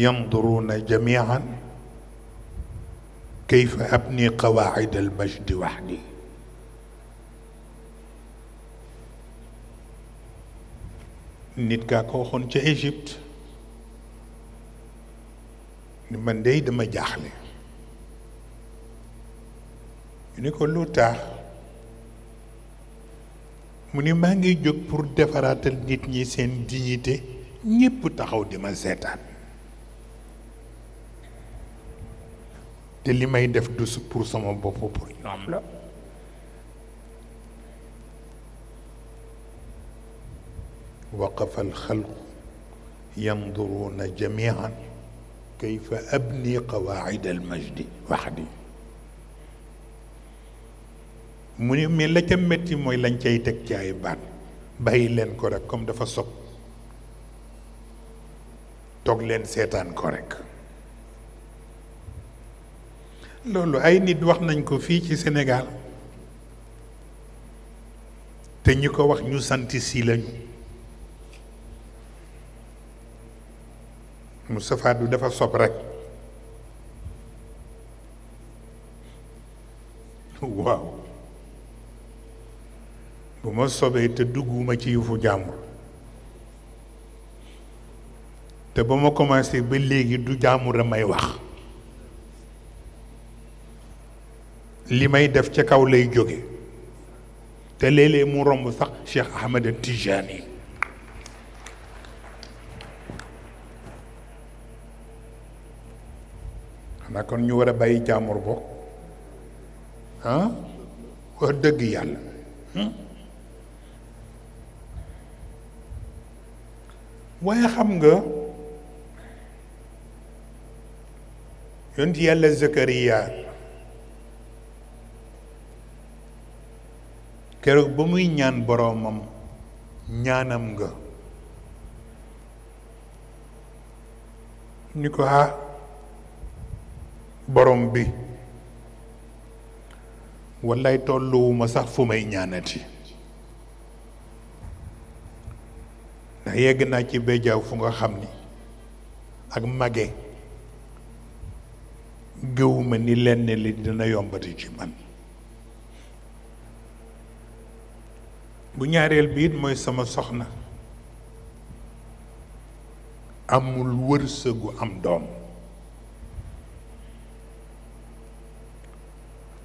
yanduruuna jamian كيف أبني قواعد المجد gi nit ka ko waxoon ca Égypte ni man dey dama jaaxle ñu ni ko lu tax mu ni maa ngiy jóg pour defaraatal nit ñi seen dignité ñépp taxaw di ma seetaan te li may def du pour sama bopp pour ñoom la waqafa alxalqu yanduruuna jamian kayfa abni qawaacida almajdi waxdi mu ne mais la ca métti mooy lañ cay teg ci ay baat bàyyi leen ko rek comme dafa sob toog leen seetaan ko rek loolu ay nit wax nañ ko fii ci senegaal te ñi ko wax ñu sant si lañu Moustapha du dafa sob rekk waaw bu ma sobee te dugguma ci yufu jàmbur te ba ma commencé ba léegi du jàmbur a may wax li may def ca kaw lay jóge te léeg-léeg mu romb sax Cheikh Ahmed Tijani xanaa kon ñu war a bàyyi jaamur bokk ah wax dëgg yàlla waaye xam nga yonent yàlla Zakariya keroog ba muy ñaan boroomam ñaanam nga ni ko ah borom bi wallaay tolluwuma sax fu may ñaanati ndax yegg naa ci béjaaw fu nga xam ni ak mage gëwuma ni lenn li dina yombati ci man bu ñaareel biit mooy sama soxna amul wërsëgu am doom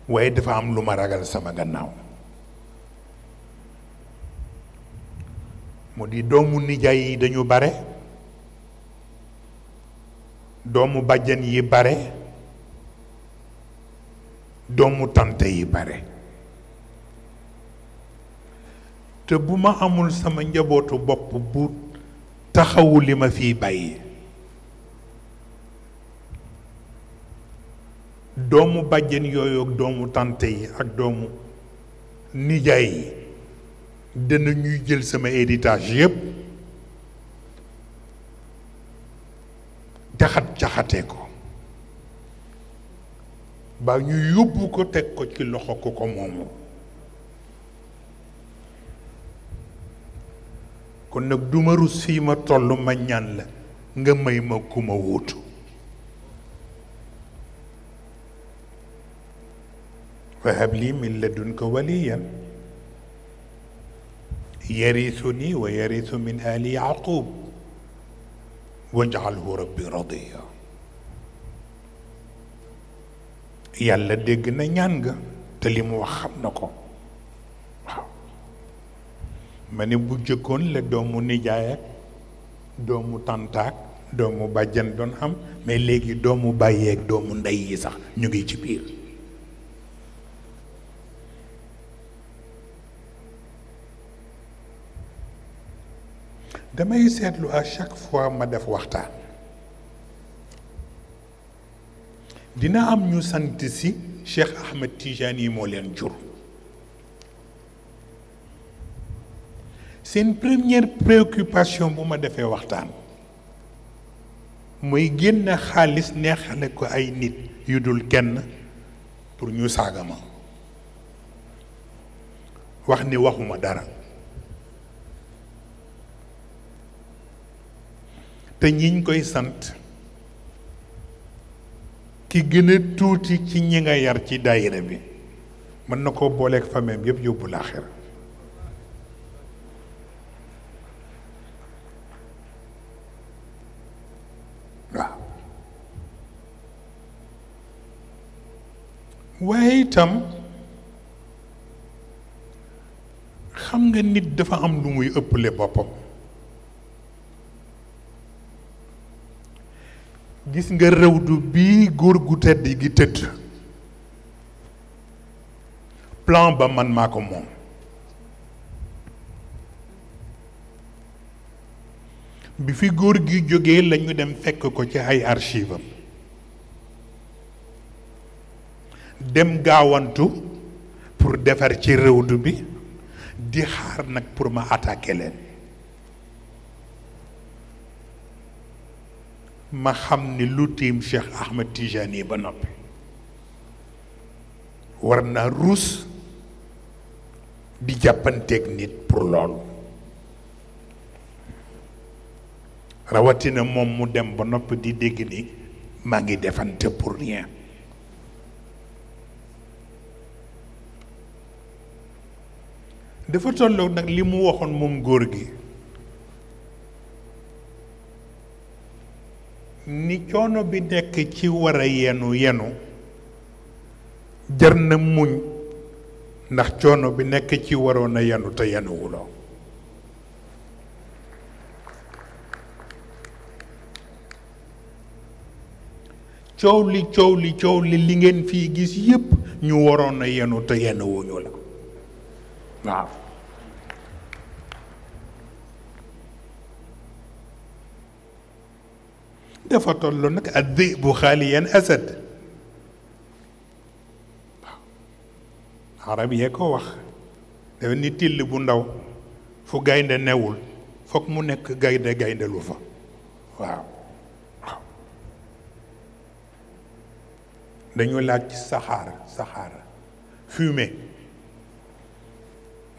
waaye dafa am lu ma ragal sama gannaaw mu di doomu nijaay yi dañu bare doomu bàjjan yi bare doomu tànte yi bare te bu ma amul sama njabootu bopp bu taxawu li ma fiy bàyyi doomu bàjjen yooyu doomu tante yi ak doomu nijaay yi dana ñuy jël sama héritage yépp jaxat jaxate ko ba ñu yóbbu ko teg ko ci loxo ko ko moomu kon nag duma rus fii ma toll ma ñaan la nga may ma ku ma wuutu fahab lii min ladunka waliyan yarisuni wa yarisu min ali yaqub waj'alhu rabbi radiya yàlla dégg na ñaan nga te li mu wax xam na ko ma ne bu jëkkoon la doomu nijaay ak doomu tàntaak doomu bàjjan doon am mais léegi doomu bàyyeeg doomu ndey yi sax ñu ngi ci biir damay seetlu à chaque fois ma def waxtaan dina am ñu sant si Cheikh Ahmed Tijani moo leen jur seen première préoccupation bu ma defee waxtaan muy génn xaalis neexale ko ay nit yu dul kenn pour ñu saaga ma wax ni waxuma dara te ñiñ koy sant ki gëna tuuti ci ñi nga yar ci daayira bi mën na koo booleeg famem yëpp yóbbu laaxira waaye itam xam nga nit dafa am lu muy ëpple boppam gis nga rëwdu bii góor gu tëdd gi tëdd plan ba man maa ko moom bi fi góor gi jógee lañu dem fekk ko ci ay archive dem gaawantu pour defar ci réwdu bi di xaar nag pour ma attaquer leen ma xam ni lu tiim Cheikh Ahmed Tijani ba noppi war naa ruus di jàppanteeg nit pour loolu rawatina moom mu dem ba noppi di dégg ni maa ngi defante pour rien dafa tolloog nag li mu waxoon moom góor gi ni coono bi nekk ci war a yenu yenu jar na muñ ndax coono bi nekk ci waroon a yenu te yenuwuloo coow li coow li coow li li ngeen fii gis yépp ñu waroon a yenu te yenuwuñu la waaw dafa toll nag ak di bu xaaliyan asad waaw arab yee ko wax dafa ni till bu ndaw fu gaynde newul foog mu nekk gaynde gaynde fa waaw dañu laaj ci saxaar saxaar fumée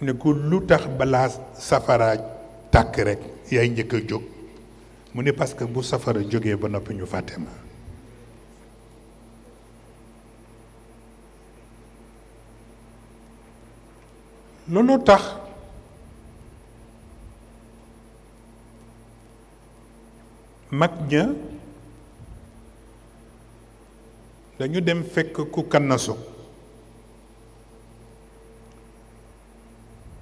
ne ko lu tax balaa safara takk rek yaay njëkka jóg mu ne parce que bu safara jógee ba noppi ñu fàtte ma loolu tax mag ña dañu dem fekk ku kannasu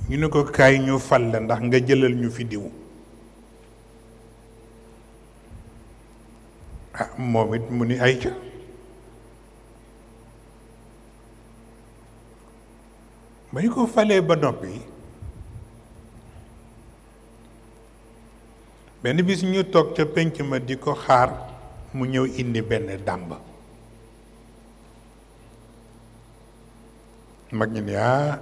ñu ne ko kaay ñu fal la ndax nga jëlal ñu fi diw ah moom it mu ni ay ca ba ñu ko falee ba noppi benn bis ñu toog ca pénc ma di ko xaar mu ñëw indi benn dàmb mag ñu ne ah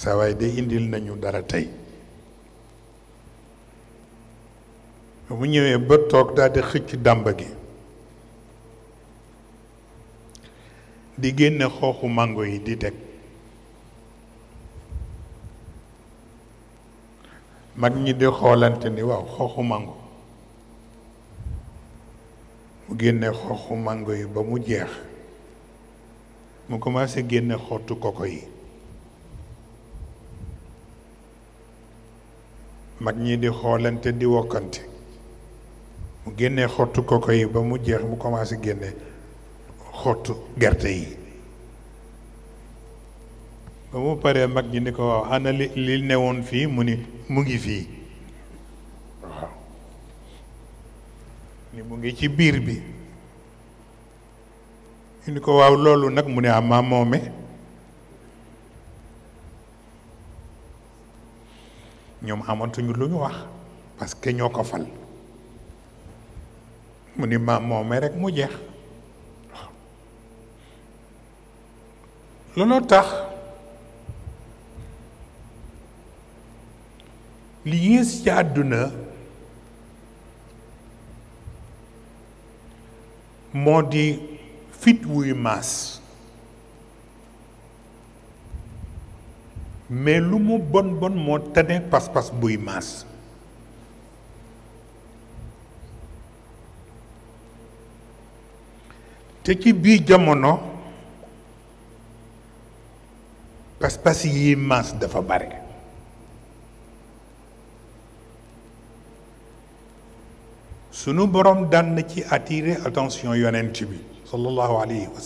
saa waay de indil nañu dara tey mu ñëwee ba toog daal di xëcc dàmb gi di génne xooxu màngo yi di teg mag ñi di xoolante ni waaw xooxu màngo mu génne xooxu màngo yi ba mu jeex mu commencé génne xottu koko yi mag ñi di xoolante di wokkante mu génnee xottu koko yi ba mu jeex mu commencé génne xottu gerte yi ba mu paree mag ñi ni ko waaw ana li li woon fii mu ni mu ngi fii waaw ni mu ngi ci biir bi ñu ni ko waaw loolu nag mu ne am ah, moome ñoom amatuñu lu ñu wax parce que ñoo ko fal mu ni maam moomee rek mu jeex looloo tax li yées ci àdduna moo di fit wuy maas mais lu mu bon bon moo tane pas-pas buy maas te ci biir jamono pas-pas yi maas dafa bare sunu borom daan na ci attirer attention yonent bi sallallahu alayhi wa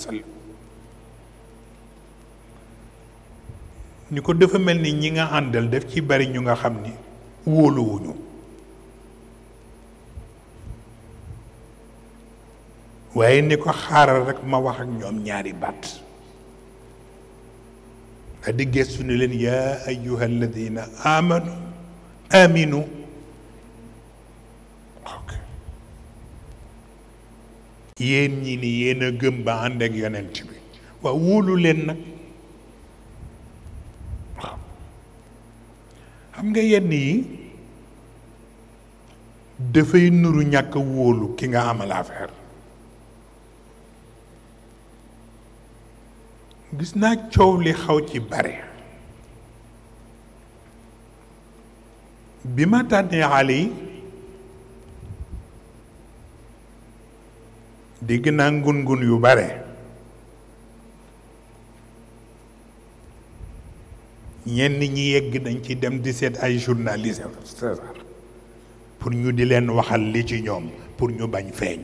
ñu ko dafa mel ni ñi nga àndal def ci bari ñu nga xam ni wóoluwuñu waaye ni ko xaaral rek ma wax ak ñoom ñaari baat a di gëstu leen yaa ayyuha alladina amanu aminu yéen ñi ni yéen a gëm ba ànd ak yonent bi waaw wóolu leen nag xam nga yenn yi dafay nuru ñàkk wóolu ki nga amal affaire gis naa coow li xaw ci bare bi ma tànnee Ali dégg naa ngun ngun yu bare ñenn ñi yegg dañ ci dem di seet ay journaliste pour ñu di leen waxal li ci ñoom pour ñu bañ feeñ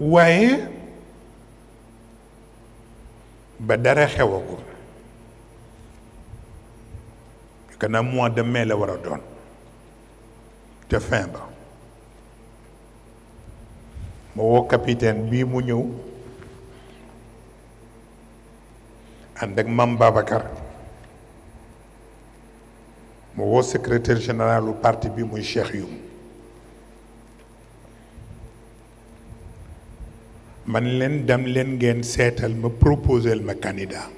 waaye ba dara ko kanam mois de mai la war a doon te fin ba ma woo capitaine bii mu ñëw ànd ak mam Babacar ma woo secrétaire général du parti bi muy Cheikh Youm man leen dem leen ngeen seetal ma proposel ma candidat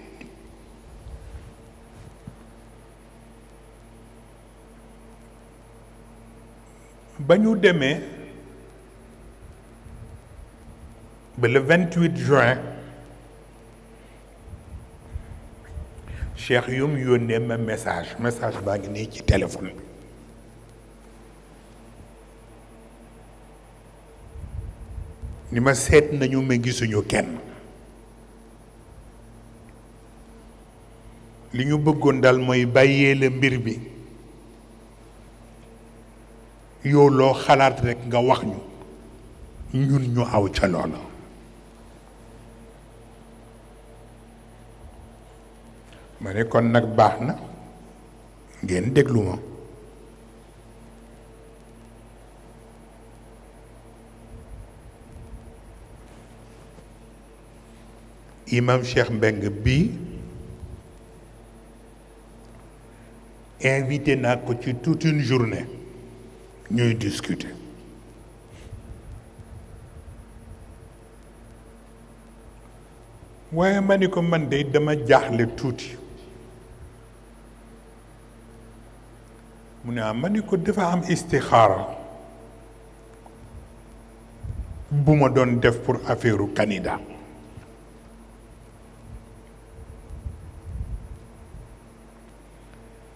ba ñu demee ba le 28 juin cheikh yum yónnee ma message message baa ngi ne ci téléphone bi ni ma seet nañu ma gisuñu kenn li ñu bëggoon dal mooy bàyyee la mbir bi yow loo xalaat rekk nga wax ñu ñun ñu aw ca loola ma ne kon nag baax na ngeen déglu ma imam Cheikh Mbeng bi invité naa ko ci toute une journée ñuy discuter waaye ma ni ko man de dama jaaxle tuuti mu ne ah ma ni ko dafa am istixaara bu ma doon def pour affaire u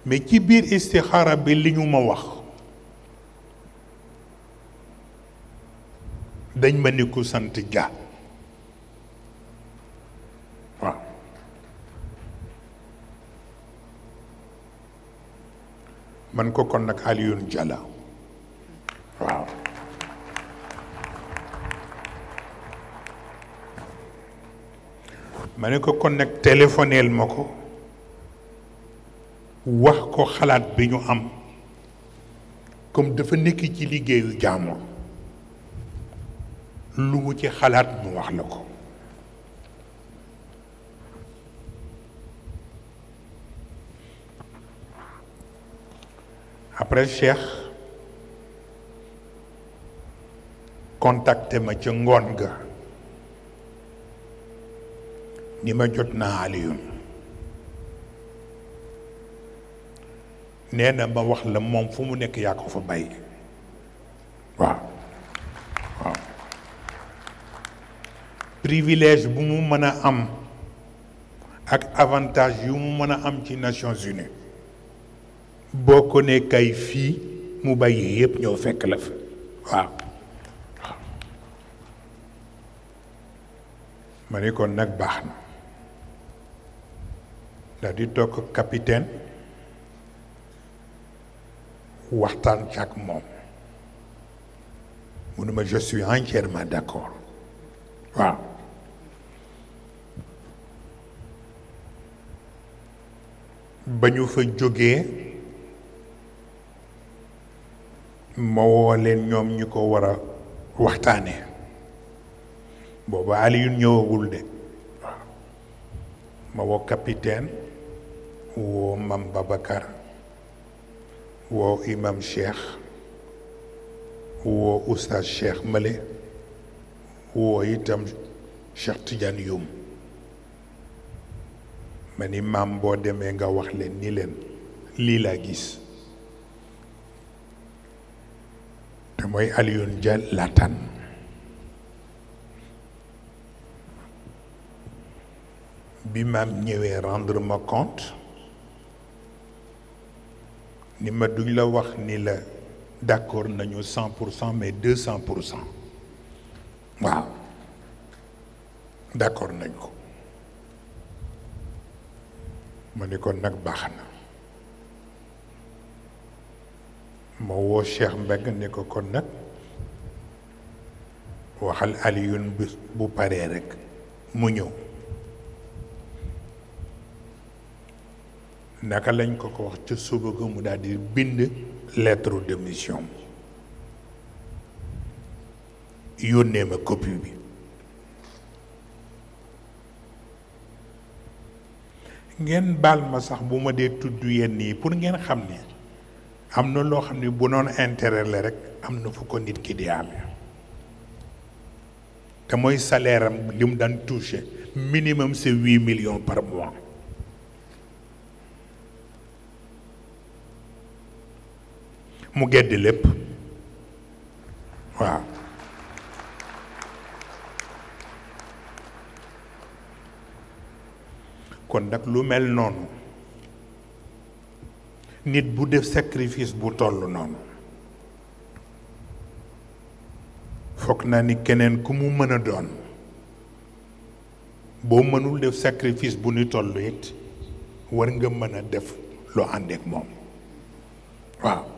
mais ci biir istixaara bi li ñu ma wax dañ ma ni ko sant ja man ko kon nag Alioune Diala waaw ma ne ko kon nag téléphoneel ma ko wax ko xalaat bi ñu am comme dafa nekk ci liggéeyu jaamur lu mu ci xalaat mu wax la ko après Cheikh contacté ma ca ngoon ga ni ma jot naa Alioune nee na ma wax la moom fu mu nekk yaa ko fa bàyyi waaw waaw privilège bu mu mën a am ak avantage yu mu mën a am ci Nations Unies boo ko ne fii mu bàyyi yëpp ñoo fekk la fa waaw ma ne kon nag baax na ndax di toog capitaine waxtaan ci moom mu ne ma je suis entièrement d'accord waaw ba ñu fa jógee ma woo leen ñoom ñu ko war a waxtaanee booba Alioune ñëwagul de waaw ma woo capitaine woo mam Babacar woo imam Cheikh woo oustaz Cheikh Male woo itam Cheikh Tidiane Youm ma ni maam boo demee nga wax leen ni leen lii laa gis. te mooy Alioune Dia bi maam ñëwee rendre ma compte ni ma duñ la wax ni la d'accord nañu cent pour cent mais deux cent pour cent waaw d'accord nañ ko ma ni ko nag baax na ma woo Cheikh Mbeng ne ko kon nag waxal Alioune bu bu paree rek mu ñëw naka lañ ko ko wax ca suba ga mu daal bind lettre de mission yónnee ma copie bi ngeen baal ma sax bu ma dee tudd yenn yi pour ngeen xam ni am na loo xam ne bu noon intérêt la rek am na fu ko nit ki di amee te mooy saleeram am li mu daan touché minimum c'est huit millions par mois mu gedd lépp waaw kon nag lu mel noonu nit bu def sacrifice bu toll noonu foog naa ni keneen ku mu mën a doon boo mënul def sacrifice bu nu toll it war nga mën a def lu ànd ak moom waaw